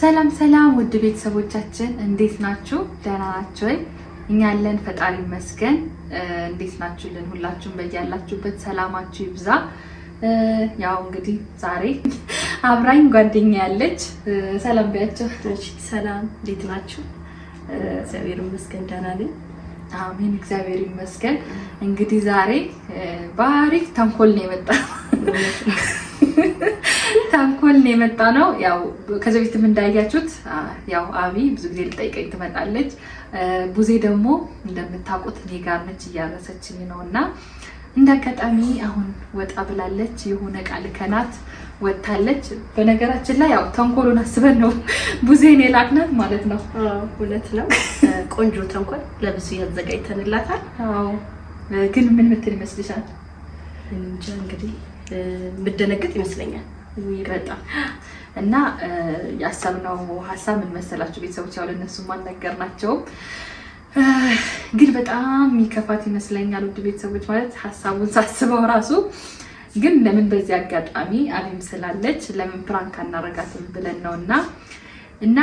ሰላም ሰላም፣ ውድ ቤተሰቦቻችን እንዴት ናችሁ? ደህና ናችሁ ወይ? እኛ ያለን ፈጣሪ ይመስገን። እንዴት ናችሁልን? ሁላችሁም በያላችሁበት ሰላማችሁ ይብዛ። ያው እንግዲህ ዛሬ አብራኝ ጓደኛ ያለች ሰላም ቢያቸው። ሰላም እንዴት ናችሁ? እግዚአብሔር ይመስገን ደህና ነኝ። አሜን፣ እግዚአብሔር ይመስገን። እንግዲህ ዛሬ በአሪፍ ተንኮል ነው የመጣ ተንኮል የመጣ ነው። ያው ከዚህ በፊትም እንዳያችሁት ያው አቢ ብዙ ጊዜ ልጠይቀኝ ትመጣለች። ቡዜ ደግሞ እንደምታውቁት እኔ ጋር ነች እያረሰችኝ ነው እና እንደ አጋጣሚ አሁን ወጣ ብላለች። የሆነ ቃል ከናት ወታለች። በነገራችን ላይ ያው ተንኮሉን አስበን ነው ቡዜን የላክናት ማለት ነው። እውነት ነው። ቆንጆ ተንኮል ለብዙ ያዘጋጅተንላታል። ግን ምን ምትል ይመስልሻል? እንጃ እንግዲህ ምደነግጥ ይመስለኛል ይመጣል እና ያሰብነው ሀሳብ ምን መሰላችሁ ቤተሰቦች? ያው ለእነሱም ናቸው? ግን በጣም የሚከፋት ይመስለኛል። ውድ ቤተሰቦች ማለት ሀሳቡን ሳስበው ራሱ ግን ለምን በዚህ አጋጣሚ አቢም ስላለች ለምን ፕራንክ አናረጋትም ብለን ነው እና እና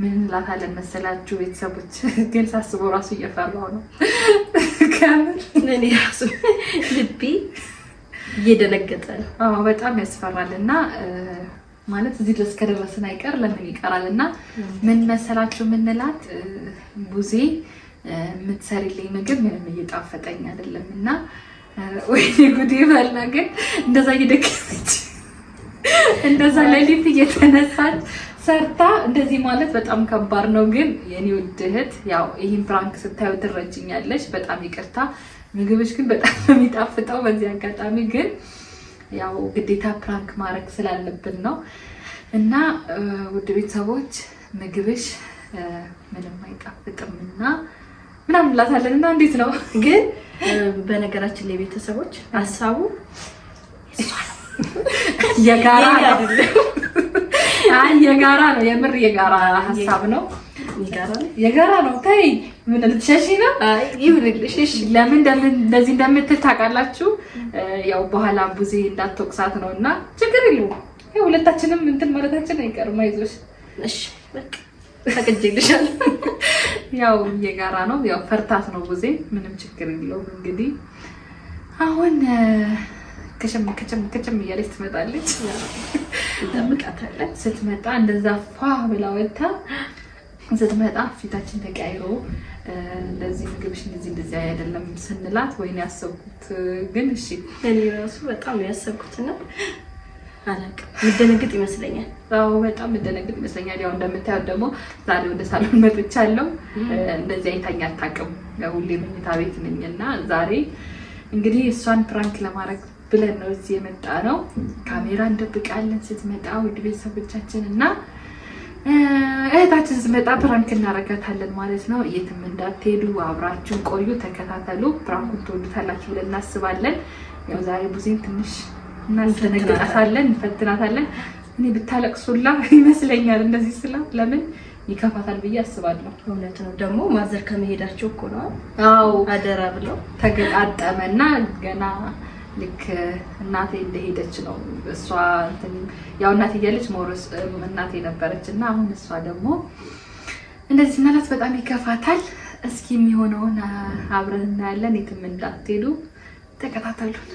ምን እላታለን መሰላችሁ ቤተሰቦች፣ ግን ሳስበው ራሱ እየፈራው ነው እየደነገጠ ነው። በጣም ያስፈራል። እና ማለት እዚህ ድረስ ከደረስን አይቀር ለምን ይቀራል? እና ምን መሰላችሁ የምንላት ቡዜ የምትሰሪልኝ ምግብ ምንም እየጣፈጠኝ አይደለም እና ወይ ጉዴ ፈላ። ግን እንደዛ እየደከመች እንደዛ ሌሊት እየተነሳች ሰርታ እንደዚህ ማለት በጣም ከባድ ነው። ግን የኔ ውድ እህት ያው ይህን ፕራንክ ስታዩ ትረጅኛለች። በጣም ይቅርታ ምግብሽ ግን በጣም የሚጣፍጠው። በዚህ አጋጣሚ ግን ያው ግዴታ ፕራንክ ማድረግ ስላለብን ነው እና ውድ ቤተሰቦች ምግብሽ ምንም አይጣፍጥም እና ምናምን እንላታለን እና እንዴት ነው ግን በነገራችን ላይ ቤተሰቦች ሀሳቡ የጋራ ነው፣ የምር የጋራ ሀሳብ ነው። የጋራ ነው። ተይ ምን ልትሸሺ ነው? ይብልልሽ ለምን እንደዚህ እንደምትል ታውቃላችሁ? ያው በኋላ ቡዜ እንዳትወቅሳት ነው እና ችግር የለውም ሁለታችንም እንትን ማለታችን አይቀርም። አይዞሽ እሺ ያው የጋራ ነው። ያው ፈርታት ነው ቡዜ፣ ምንም ችግር የለውም። እንግዲህ አሁን ከቸም ከቸም ከቸም እያለች ትመጣለች። ስትመጣ እንደዛ ፏ ብላ ወጥታ ስትመጣ ፊታችን ተቀያይሮ እንደዚህ ምግብሽ እንደዚህ እንደዚህ አይደለም ስንላት፣ ወይን ያሰብኩት ግን እሺ፣ እኔ ራሱ በጣም ያሰብኩት ነው። አላውቅም ምደነግጥ ይመስለኛል። አዎ በጣም ምደነግጥ ይመስለኛል። ያው እንደምታየው ደግሞ ዛሬ ወደ ሳሎን መጥቻለሁ። እንደዚህ አይታኝ አታውቅም። ሁሌ መኝታ ቤት ነኝ እና ዛሬ እንግዲህ እሷን ፕራንክ ለማድረግ ብለን ነው እዚህ የመጣ ነው። ካሜራ እንደብቃለን ስትመጣ ውድ ቤተሰቦቻችን እና ቤታችን ስመጣ ፕራንክ እናረጋታለን ማለት ነው። የትም እንዳትሄዱ አብራችሁን ቆዩ፣ ተከታተሉ። ፕራንኩን ትወዱታላችሁ ብለን እናስባለን። ያው ዛሬ ቡዜን ትንሽ እናስደነግጣታለን፣ እንፈትናታለን። እኔ ብታለቅሱላ ይመስለኛል እንደዚህ ስላ ለምን ይከፋታል ብዬ አስባለሁ። እውነት ነው ደግሞ ማዘር ከመሄዳቸው እኮ ነው አዎ አደራ ብለው ተገጣጠመ እና ገና ልክ እናቴ እንደሄደች ነው እሷ ያው እናቴ እያለች ሞሮስ እናቴ ነበረች እና አሁን እሷ ደግሞ እንደዚህ ስናላት በጣም ይከፋታል። እስኪ የሚሆነውን አብረን እናያለን። የትም እንዳትሄዱ ተከታተሉን።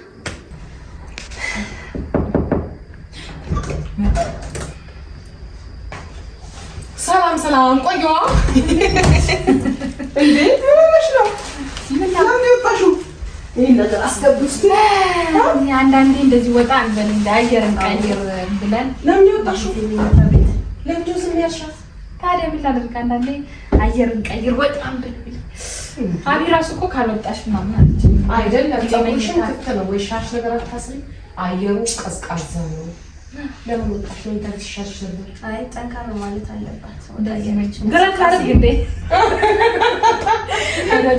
ሰላም ሰላም፣ ቆየዋ እንዴ ምንሽ ነው ምን ያወጣሽው? ይሄን ነገር አስገቡት። አንዳንዴ እንደዚህ ወጣ እንበል እንደ አየር እንቀይር ብለን ለምን ይወጣሽ? ለምን ዝም ያልሻት? ታዲያ ምን ላደርግ? አንዳንዴ አየር እንቀይር ወጣ እንበል አቢ ራሱ እኮ ካልወጣሽ ምናምን አለች አይደል? ለምን ሽንክት ነው ወይ ሻሽ ነገር አታስሪ። አየሩ ቀዝቃዛ ነው። ለምን ወጣሽ? አይ ጠንካራ ማለት አለባት።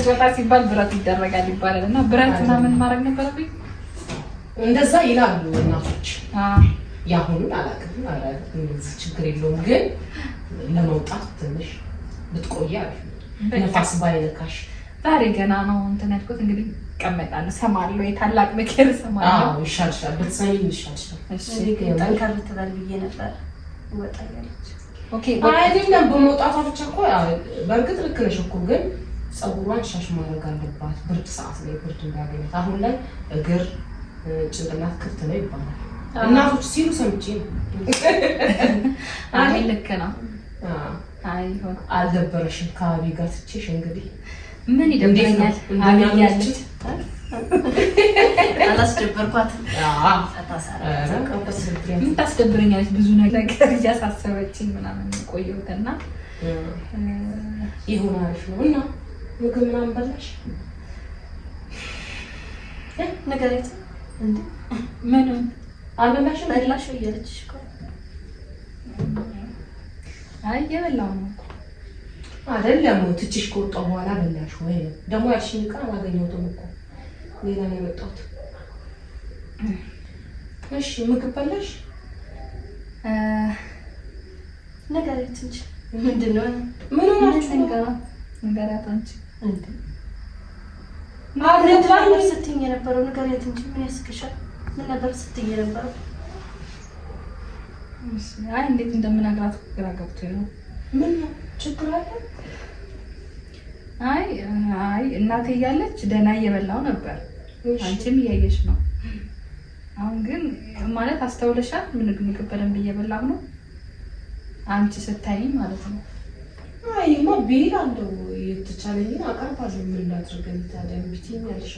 ወጣ ሲባል ብረት ይደረጋል ይባላል እና ብረት ምናምን ማድረግ ነበረብኝ። እንደዛ ይላሉ እናቶች። የአሁኑን አላውቅም፣ እዚህ ችግር የለውም ግን ለመውጣት ትንሽ ብትቆይ አሪፍ ነው። ነፋስ ባይነካሽ። ዛሬ ገና ነው እንትን ያልኩት እንግዲህ ይቀመጣል። እሰማለሁ፣ የታላቅ ምክር እሰማለሁ። ይሻልሻል፣ ይሻልሻል። ጠንከር ትበል ብዬ ነበር። አይደለም በመውጣቷ ብቻ እኮ በእርግጥ ልክ ነሽ እኮ ግን ፀጉሯን ሻሽ ማድረግ አለባት። ብርድ ሰዓት ላይ ብርድ እንዳገኘት አሁን ላይ እግር ጭንቅላት ክፍት ነው ይባላል እናቶች ሲሉ ሰምቼ ነው። ልክ ነው። አልደበረሽም? ጋር ትቼሽ እንግዲህ ምን ይደብረኛል? አላስደበርኳትም። ታስደብረኛለች ብዙ ነገር እያሳሰበችኝ ምናምን ቆየሁት እና ይሁን አሪፍ ነው እና ምግብ ምናምን በላሽ? ነገሬት ምንም አልበላሽም በላሽ እያለችሽ አይ የበላሁ ነው አይደለም። ትችሽ ከወጣሁ በኋላ በላሽ ወይ ደግሞ ያልሽኝ ዕቃ አላገኘሁትም እኮ ሌላ ነው የመጣሁት። እሺ ምግብ በላሽ? ንገሪያት እንጂ ምንድን ነው ምን ሆናችሁ ነው? ንገሪያት አንቺ እንደ ማለት ነው ስትይኝ የነበረው ንገሪያት እንጂ ምን ያስቅሻል? ምን ነበር ስትይኝ የነበረው? አይ እንዴት እንደምናግራት ግራ ገብቶኝ ነው። ምን ችግር አለ? አይ አይ እናቴ እያለች ደህና እየበላሁ ነበር አንቺም እያየሽ ነው። አሁን ግን ማለት አስተውለሻል? ምንግ ምግብ በደንብ እየበላሁ ነው አንቺ ስታይ ማለት ነው። ይማ ቤል አለው የተቻለኝን አቀርባለሁ። ምን ላድርገን ታዲያ? ብትይኛለሽ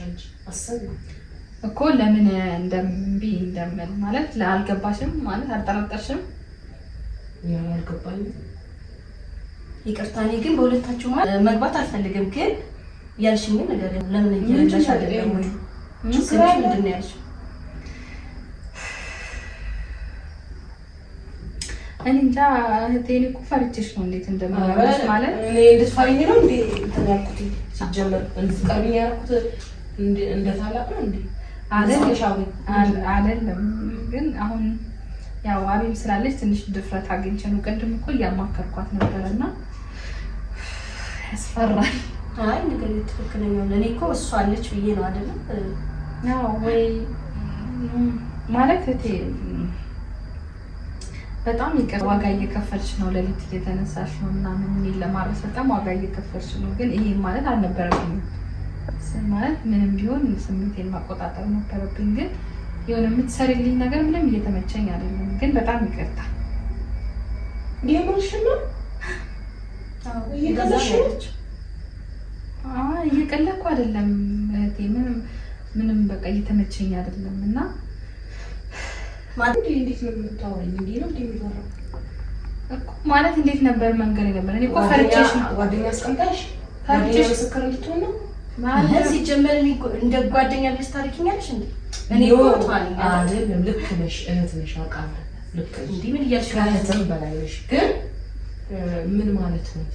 አሰብ እኮ ለምን እንደምቢ እንደምል ማለት ለአልገባሽም ማለት አልጠረጠርሽም። አልገባኝ። ይቅርታ እኔ ግን በሁለታችሁ መግባት አልፈልግም። ግን ያልሽኝን ነገር ለምን እየረዳሽ አይደለም ምንድን ነው ያልሽው? እኔ እንጃ እህቴ፣ እኔ እኮ ፈርቼሽ ነው። እንዴት እንደማለት ማለት እኔ እንደሱ ነው እንዴ እንትን ያልኩት ሲጀመር እንድትቀርቢኝ ያልኩት እንደታላቅ ነው እንዴ አይደለም። ግን አሁን ያው አቤም ስላለች ትንሽ ድፍረት አግኝቼ ነው። ቅድም እኮ እያማከርኳት ነበረ እና ያስፈራል። አይ ነገር ትክክለኛው ለእኔ እኮ እሷ አለች ብዬ ነው አይደለም ወይ ማለት እቴ በጣም ይቅር ዋጋ እየከፈልች ነው። ሌሊት እየተነሳች ነው ምናምን እኔን ለማድረስ በጣም ዋጋ እየከፈልች ነው። ግን ይሄ ማለት አልነበረብኝም። ማለት ምንም ቢሆን ስሜቴን ማቆጣጠር ነበረብኝ። ግን የሆነ የምትሰሪልኝ ነገር ምንም እየተመቸኝ አይደለም። ግን በጣም ይቅርታ ሽ እየቀለኩ አይደለም ምንም ምንም በቃ እየተመቸኝ አይደለም እና ማለት እንዴት ነው የምታወሪኝ? እንዴት ነው የሚወራው እኮ ማለት እንዴት ነበር መንገድ ነበር። እኔ እኮ ፈርቼሽ ጓደኛ አስቀምጣሽ ፈርቼሽ ምስክር እንድትሆን ነው ማለት ሲጀመር እንደ ጓደኛ ልጅ ታሪክኛለሽ እንዴ? እኔ ወጥቷል አይደለም። ልክ ነሽ፣ እህት ነሽ፣ አውቃለሁ። ልክ እንዴ ምን እያልሽ ከእህትም በላይ ነሽ። ግን ምን ማለት ነው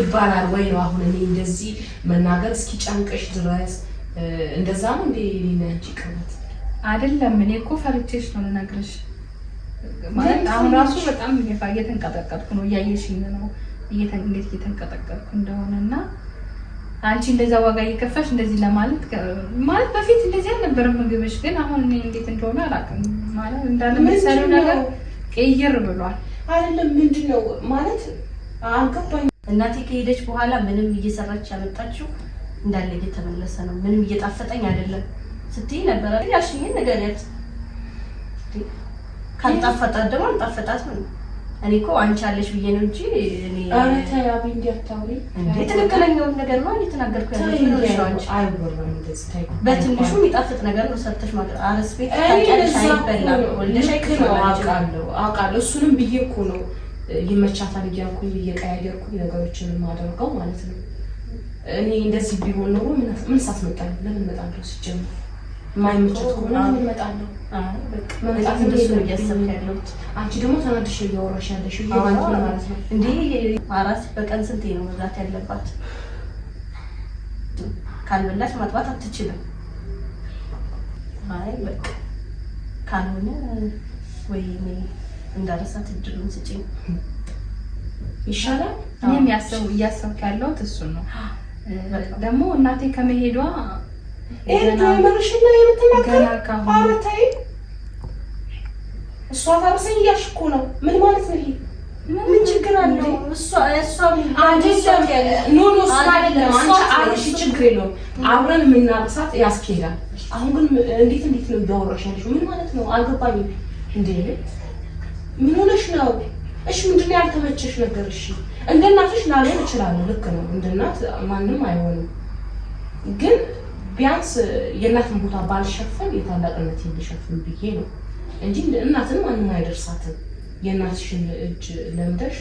ይባላል ወይ ነው አሁን እኔ እንደዚህ መናገር እስኪ ጨንቀሽ ድረስ እንደዛ ነው እንዴ? እኔና አንቺ ቅናት አይደለም። እኔ እኮ ፈርቼሽ ነው ልነግርሽ። ማለት አሁን ራሱ በጣም ይፋ እየተንቀጠቀጥኩ ነው። እያየሽኝ ነው እንዴት እየተንቀጠቀጥኩ እንደሆነ እና አንቺ እንደዛ ዋጋ እየከፈሽ እንደዚህ ለማለት ማለት በፊት እንደዚህ አልነበረ ምግብሽ፣ ግን አሁን እኔ እንዴት እንደሆነ አላውቅም። ማለት እንዳለ መሰለው ነገር ቀይር ብሏል። አይደለም ምንድን ነው ማለት አልገባኝ። እናቴ ከሄደች በኋላ ምንም እየሰራች ያመጣችው እንዳለ እየተመለሰ ነው። ምንም እየጣፈጠኝ አይደለም ስትይ ነበረ። ያሽኝን ንገሪያት። ካልጣፈጣት ደግሞ አልጣፈጣትም ነው። እኔ እኮ አንቺ አለሽ ብዬ ነው እንጂ ትክክለኛውን ነገር ነው እየተናገርኩ በትንሹ የሚጣፍጥ ነገር ነው ሰርተሽ ማቅረብ። እሱንም ብዬ እኮ ነው ይመቻታል እያልኩኝ እየቀያየርኩኝ ነገሮችን የማደርገው ማለት ነው እኔ እንደዚህ ቢሆን ኖሮ ምን ሳትመጣኝ ለምን እመጣለሁ? ሲጀምር የማይመቸት ከሆነ ለምን እመጣለሁ? መመጣት እንደሱ ነው እያሰብክ ያለሁት። አንቺ ደግሞ ተናድሽ እያወራሽ ያለሽ ማለት ነው። እንዲህ አራት በቀን ስንቴ ነው መብላት ያለባት? ካልበላሽ ማጥባት አትችልም። አይ በቃ ካልሆነ ወይ እኔ እንዳረሳት እድሉን ስጪኝ። ይሻላል። እኔም ያሰው እያሰብክ ያለሁት እሱን ነው። ደግሞ እናቴ ከመሄዷ ገና ካሁን እሷ ታርሰኝ እያልሽ እኮ ነው። ምን ማለት ነው ይሄ? ምን ችግር አለ? እሷ እሷ ኖ ኖ አይደለም። አንቺ አብረሽ ችግር የለውም። አብረን የምናርሳት ያስኬዳል። አሁን ግን እንዴት እንዴት ነው እያወራሽ ያለሽው? ምን ማለት ነው? አልገባኝም። እንዴ ምን ሆነሽ ነው? እሺ ምንድን ነው ያልተመቸሽ ነገር? እሺ እንደ እናትሽ ላልሆን እችላለሁ። ልክ ነው፣ እንደ እናት ማንም አይሆንም። ግን ቢያንስ የእናትን ቦታ ባልሸፈን የታላቅነት የሚሸፍን ብዬ ነው እንጂ እናትን ማንም አይደርሳትም። የእናትሽን እጅ ለምደሽ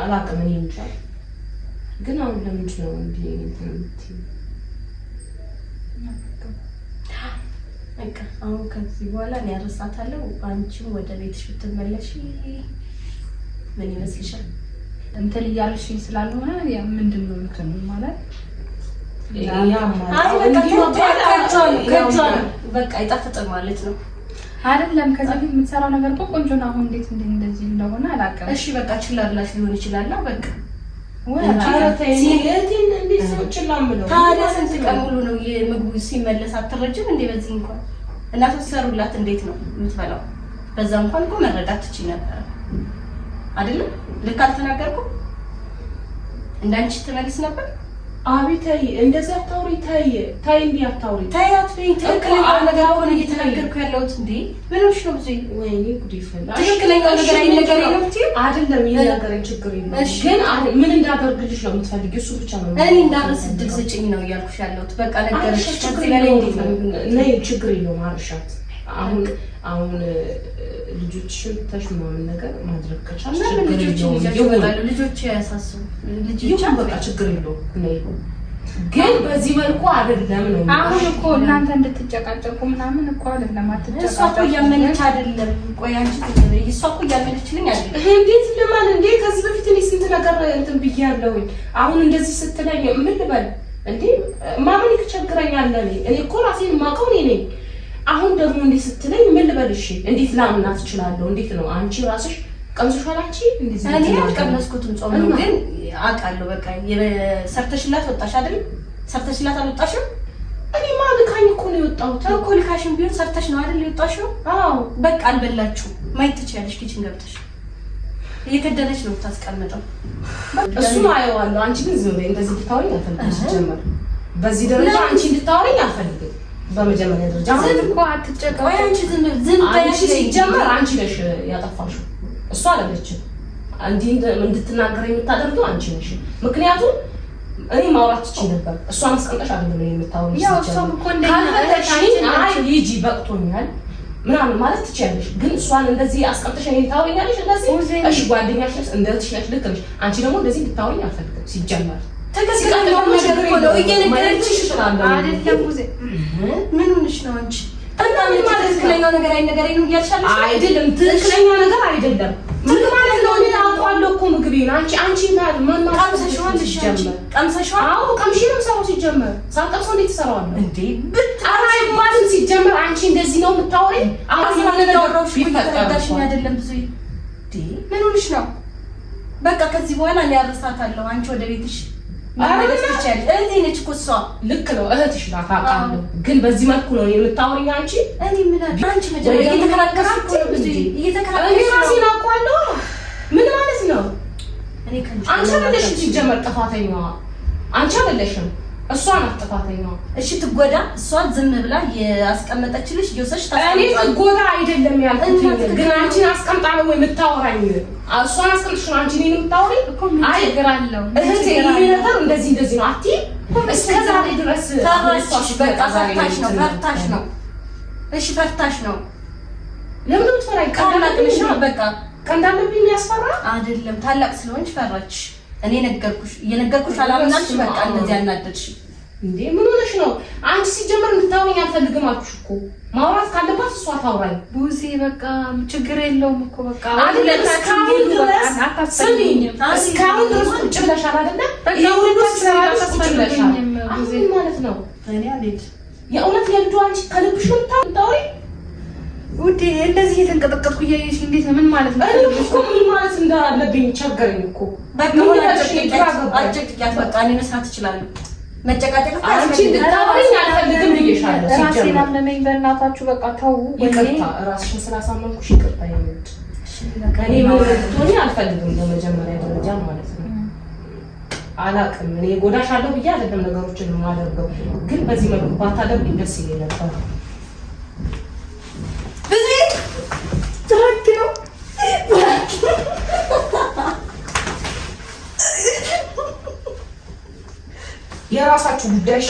አላቅም እኔ እንጃ። ግን አሁን ለምንድን ነው እንዲህ በቃ አሁን ከዚህ በኋላ እኔ ያረሳታለሁ። አንቺም ወደ ቤትሽ ብትመለሽ ምን ይመስልሻል? እንትን እያልሽ ስላልሆነ ያ ምንድን ነው እንትን ማለት በቃ ይጣፍጥም ማለት ነው አይደለም። ከዛ ፊት የምትሰራው ነገር ቆንጆ ነው። አሁን እንዴት እንደዚህ እንደሆነ አላውቅም። እሺ በቃ ችላ ብላሽ ሊሆን ይችላል። በቃ ታዲያ ስንት ቀን ሙሉ ነው የምግቡ ሲመለስ አትረጅም እንዴ? በዚህ እንኳን እናቶች ሰሩላት እንዴት ነው የምትበላው? በዛ እንኳን እኮ መረዳት ትችል ነበረ አይደለም? ልክ አልተናገርኩም? እንዳንቺ ትመልስ ነበር አቤት ተይ፣ እንደዚህ አታውሪ። ተይ ተይ፣ እንዲህ አታውሪ። ተይ አትበይኝ። ትክክለኛ ነገር ሆነ እየተናገርኩ ያለሁት እንዴ። ምንሽ ነው ብዙ ወይኔ ጉድ ይፈላ። ትክክለኛ ነገር አይነገር ነው እንዴ? አይደለም ይነገረኝ፣ ችግር የለም። ግን ምን እንዳደርግልሽ ነው የምትፈልጊው? እሱ ብቻ ነው እኔ እንዳረስ እድል ስጭኝ ነው እያልኩሽ ያለሁት። በቃ ነገር ችግር የለውም። ችግር የለውም። ማርሻት አሁን አሁን ልጆችሽን ተሽ ምናምን ነገር ማድረግ ከቻልሽ በቃ ችግር የለውም። ግን በዚህ መልኩ አይደለም ነው። አሁን እኮ እናንተ እንድትጨቃጨቁ ምናምን እኮ አይደለም። አትጨቃጨቁ። እያመነች አይደለም። ቆይ አንቺ እሷ እኮ እያመነችልኝ አይደለም። እንዴት እንዴ? ከዚህ በፊት እኔ ስንት ነገር እንትን ብያለሁኝ። አሁን እንደዚህ ስትለኝ ምን ልበል እንዴ? ማመን ይቸግረኛል። እኔ እኮ ራሴን እኔ ነኝ አሁን ደግሞ እንዴት ስትለኝ ምን ልበልሽ? እንዴት ላምናት እችላለሁ? እንዴት ነው አንቺ ራስሽ ቀምሶሻል? አንቺ እንደዚህ እኔ አልቀመስኩትም። ጾም ነው ግን አውቃለሁ። በቃ የሰርተሽላት ወጣሽ አይደል? ሰርተሽላት አልወጣሽም? እኔ ማልካኝ እኮ ነው የወጣሁት እኮ። ልካሽም ቢሆን ሰርተሽ ነው አይደል የወጣሽው? አዎ። በቃ አልበላችሁ ማየት ትችያለሽ። ኪችን ገብተሽ እየከደነች ነው የምታስቀምጠው። እሱን አየዋለሁ። አንቺ ግን ዝም በይ። እንደዚህ ልታወሪኝ አልፈልግም። ጀመር በዚህ ደረጃ አንቺ እንድታወሪኝ አልፈልግም። በመጀመሪያ ደረጃ ዝም እኮ አንቺ ዝም ዝም በያሽ። ሲጀመር አንቺ ነሽ ያጠፋሽው፣ እሱ አለችም። እንዲህ እንድትናገር የምታደርገው አንቺ ነሽ። ምክንያቱም እኔ ማውራት እችል ነበር፣ እሷ አስቀምጠሽ አይደለም የምታወሪ። አይ ሂጂ፣ በቅቶኛል ምናምን ማለት ትችያለሽ፣ ግን እሷን እንደዚህ አስቀምጠሽ እኔን ታወሪኛለሽ እንደዚህ። እሺ ጓደኛሽ ነሽ፣ እንደዚህ ነሽ፣ ልክ ነሽ። አንቺ ደግሞ እንደዚህ እንድታወሪኝ አልፈልግም ሲጀመር አይደለም ትክክለኛ ነገር አይደለም። ምግብ ማለት ነው። እኔ አውቀዋለሁ እኮ ምግብ ነው። አንቺ አንቺ ማለት ማን ማለት ቀምሰሽዋል? እሺ ቀምሰሽዋል? አዎ ቀምሼ ነው የምሰራው። ሲጀመር ሳትቀምሰው እንዴት ትሰራዋለህ እንዴ? ብታራ ይባልን ሲጀመር አንቺ እንደዚህ ነው የምታወሪኝ? አሁን ማለት ነው ሮሽ ይፈቀዳሽ አይደለም ብዙ እንዴ ምን ሆነሽ ነው? በቃ ከዚህ በኋላ እኔ አንቺ ወደ ቤትሽ እዚህ ነች እኮ እሷ። ልክ ነው እህትሽ ናት አውቃለሁ፣ ግን በዚህ መልኩ ነው የምታወሪኝ አንቺ። እራሴን አውቀዋለሁ። ምን ማለት ነው? አንቺ አይደለሽም ሲጀመር ጥፋተኛዋ አንቺ አይደለሽም። እሷ ናት ጥፋተኛዋ። እሺ ትጎዳ፣ እሷ ዝም ብላ ያስቀመጠችልሽ እየወሰድሽ ታስቀምጣለሽ። እኔ ትጎዳ አይደለም ያልኩት፣ ግን አንቺን አስቀምጣ ነው የምታወራኝ። እሷን አስቀምጥሽ ነው አንቺ እኔን የምታወሪ። አይ እህቴ፣ ይሄ ነገር እንደዚህ እንደዚህ ነው አቲ እስከ ዛሬ ድረስ ፈርታሽ፣ በቃ ፈርታሽ ነው፣ ፈርታሽ ነው። እሺ ፈርታሽ ነው። ለምን ትፈራይ? ነው። በቃ ቀንዳለብኝ። ያስፈራ አይደለም ታላቅ ስለሆንሽ ፈራች። እኔ ነገርኩሽ የነገርኩሽ አላምናልሽ። በቃ እንደዚህ አናደድሽ እንዴ? ምን ሆነሽ ነው አንቺ? ሲጀመር እንድታወሪኝ አልፈልግም አልኩሽ እኮ። ማውራት ካለባት እሷ ታውራኝ። ቡዜ በቃ ችግር የለውም እኮ በቃ አሁን እስካሁን ድረስ እስካሁን ድረስ ቁጭ ብለሻል አይደለ? ቁጭ ብለሻል ማለት ነው። የእውነት ለልዱ አንቺ ከልብሽ ምታውሪ ውዴ እንደዚህ የተንቀጠቀጥኩ እያየሽ እንዴት ነው? ምን ማለት ነው? እኔ እኮ ምን ማለት እንዳለብኝ ቸገረኝ እኮ። በቃ አጭቅጭቅ መስራት ትችላለህ። መጨቃጨቅ አልፈልግም በእናታችሁ በቃ ተው። ስላሳመንኩሽ ይቅርታ። እኔ አልፈልግም በመጀመሪያ ደረጃ ማለት ነው። አላቅም እኔ ጎዳሻለሁ ብዬ አይደለም ነገሮችን የማደርገው፣ ግን በዚህ መልኩ ባታደርግ ደስ ይለኝ ነበር። የራሳችሁ ጉዳይ እሺ።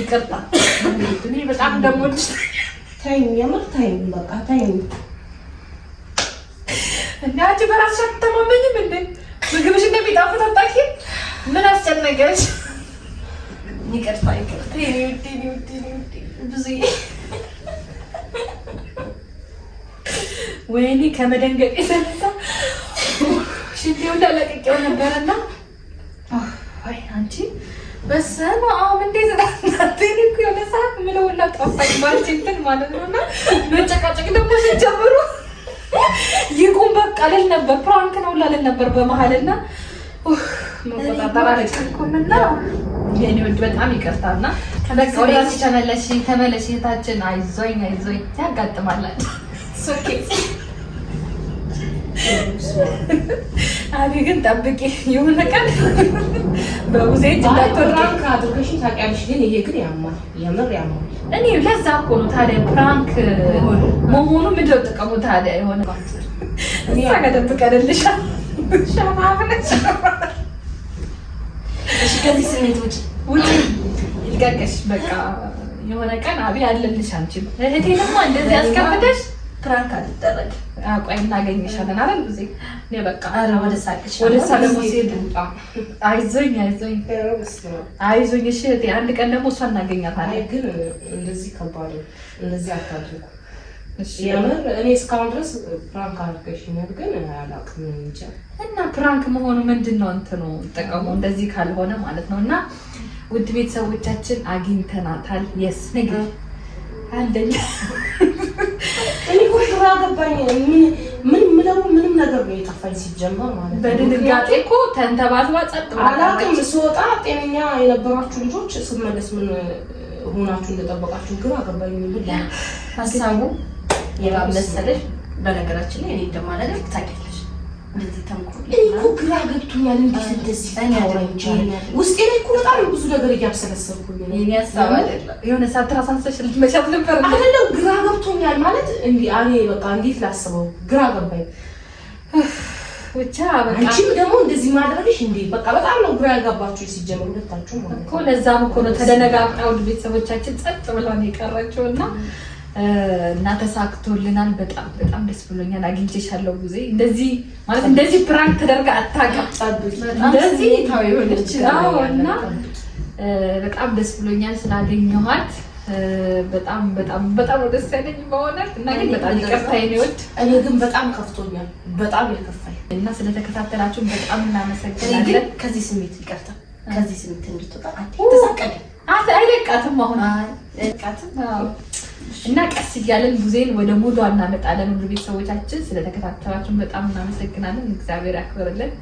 ይቅርታ እኔ በጣም ደግሞ ተይኝ፣ የምር ተይኝ፣ በቃ ተይኝ። አንቺ በራስሽ አትተማመኝም እንዴ? ምግብሽ እንደሚጣፍጥ አታውቂ? ምን አስጨነቀሽ? ይቅርታ ይቅርታ። ብዙ ወይኔ ከመደንገጥ የተነሳ ሽንቴው እንዳለቀቀው ነበርና አንቺ በስመ አብ እንዴት እንደው ሁላ ጠፋኝ ማለት እንትን ማለት ነው። እና መጨቃጨቅ ደግሞ ሲጀምሩ ይቁም በቃ ልል ነበር፣ ፕራንክ ነው ሁላ ልል ነበር በመሀል እና መቆጣጠር አልቻልኩም። እና የኔ ወድ በጣም ይቅርታና በቃ ወደ ተመለሽ ተመለሽ፣ እህታችን አይዞኝ አይዞኝ ያጋጥማላችሁ ሶኬ አቢ ግን ጠብቂ የሆነ ቀን በቡዜ ፕራንክ አድርገሽ ታውቂያለሽ። ግን ይሄ ግን ያማል፣ የምር ያማል። እኔ ለዛ እኮ ነው ታዲያ ፕራንክ መሆኑ ምንድን ጥቅሙ ታዲያ? የሆነ ተደብቀንልሻል። ከዚህ ስሜት ውጭ ውጭ ይልቀቅሽ። በቃ የሆነ ቀን አቢ አለልሽ። አንቺም እህቴንማ እንደዚህ ያስከፍተሽ ፕራንክ አልደረግ አቋይ እናገኝሻለን አይደል? እዚህ እኔ በቃ ወደ ሳቅሽ ወደ ሳቅሽ ሲሄድ አይዞኝ አይዞኝ አይዞኝ። እሺ አንድ ቀን ደግሞ እሷ እናገኛታለን። ግን እንደዚህ ከባድ እንደዚህ አታድርጉ። የምር እኔ እስካሁን ድረስ ፕራንክ አድርገሽኛል፣ ግን አላውቅም እንጃ። እና ፕራንክ መሆኑ ምንድን ነው እንትኑ ጥቅሙ እንደዚህ ካልሆነ ማለት ነው። እና ውድ ቤተሰቦቻችን አግኝተናታል። የስ ንግድ አንደኛ ምንም ነገር በድንጋጤ እኮ ተንተባትባ ጸጥ አላውቅም። ስወጣ ጤነኛ የነበራችሁ ልጆች ስመለስ ምን ሆናችሁ እንደጠበቃችሁ ግራ ሀሳቡ የባብ መሰለሽ። በነገራችን ላይ እኔ ታውቂያለሽ እኮ ግራ ገብቶኛል። እንዴት እንደዚህ ውስጤ ላይ እኮ በጣም ብዙ ነገር እያብሰለሰብኩኝ የሆነ ነበር ግራ ገብቶኛል ማለት በቃ እንዴት ላስበው ግራ ገባኝ። ብቻ አንቺም ደግሞ እንደዚህ ማድረግሽ እንዴ በቃ በጣም ነው ግራ ያጋባችሁ ሲጀምር ሁለታችሁ እኮ ለዛም እኮ ነው ተደነጋግጠው ቤተሰቦቻችን ጸጥ ብለው ነው የቀረችው እና እና ተሳክቶልናል። በጣም በጣም ደስ ብሎኛል። አግኝቼሻለሁ ጊዜ እንደዚህ ማለት እንደዚህ ፕራንክ ተደርጋ አታውቅም። እንደዚህ ታው የሆነች እና በጣም ደስ ብሎኛል ስላገኘኋት። በጣም በጣም በጣም ደስ ያለኝ በእውነት እና ግን በጣም ይቅርታ ይኔወድ እኔ ግን በጣም ከፍቶኛል። በጣም የከፋኝ እና ስለተከታተላችሁን በጣም እናመሰግናለን። ከዚህ ስሜት ይቀርታ ከዚህ ስሜት እንድትወጣ ተሳቀደ አይለቃትም አሁን ቃትም እና ቀስ እያለን ጉዜን ወደ ሙሉ እናመጣለን። ውድ ቤተሰቦቻችን ስለተከታተላችሁን በጣም እናመሰግናለን። እግዚአብሔር ያክብርልን።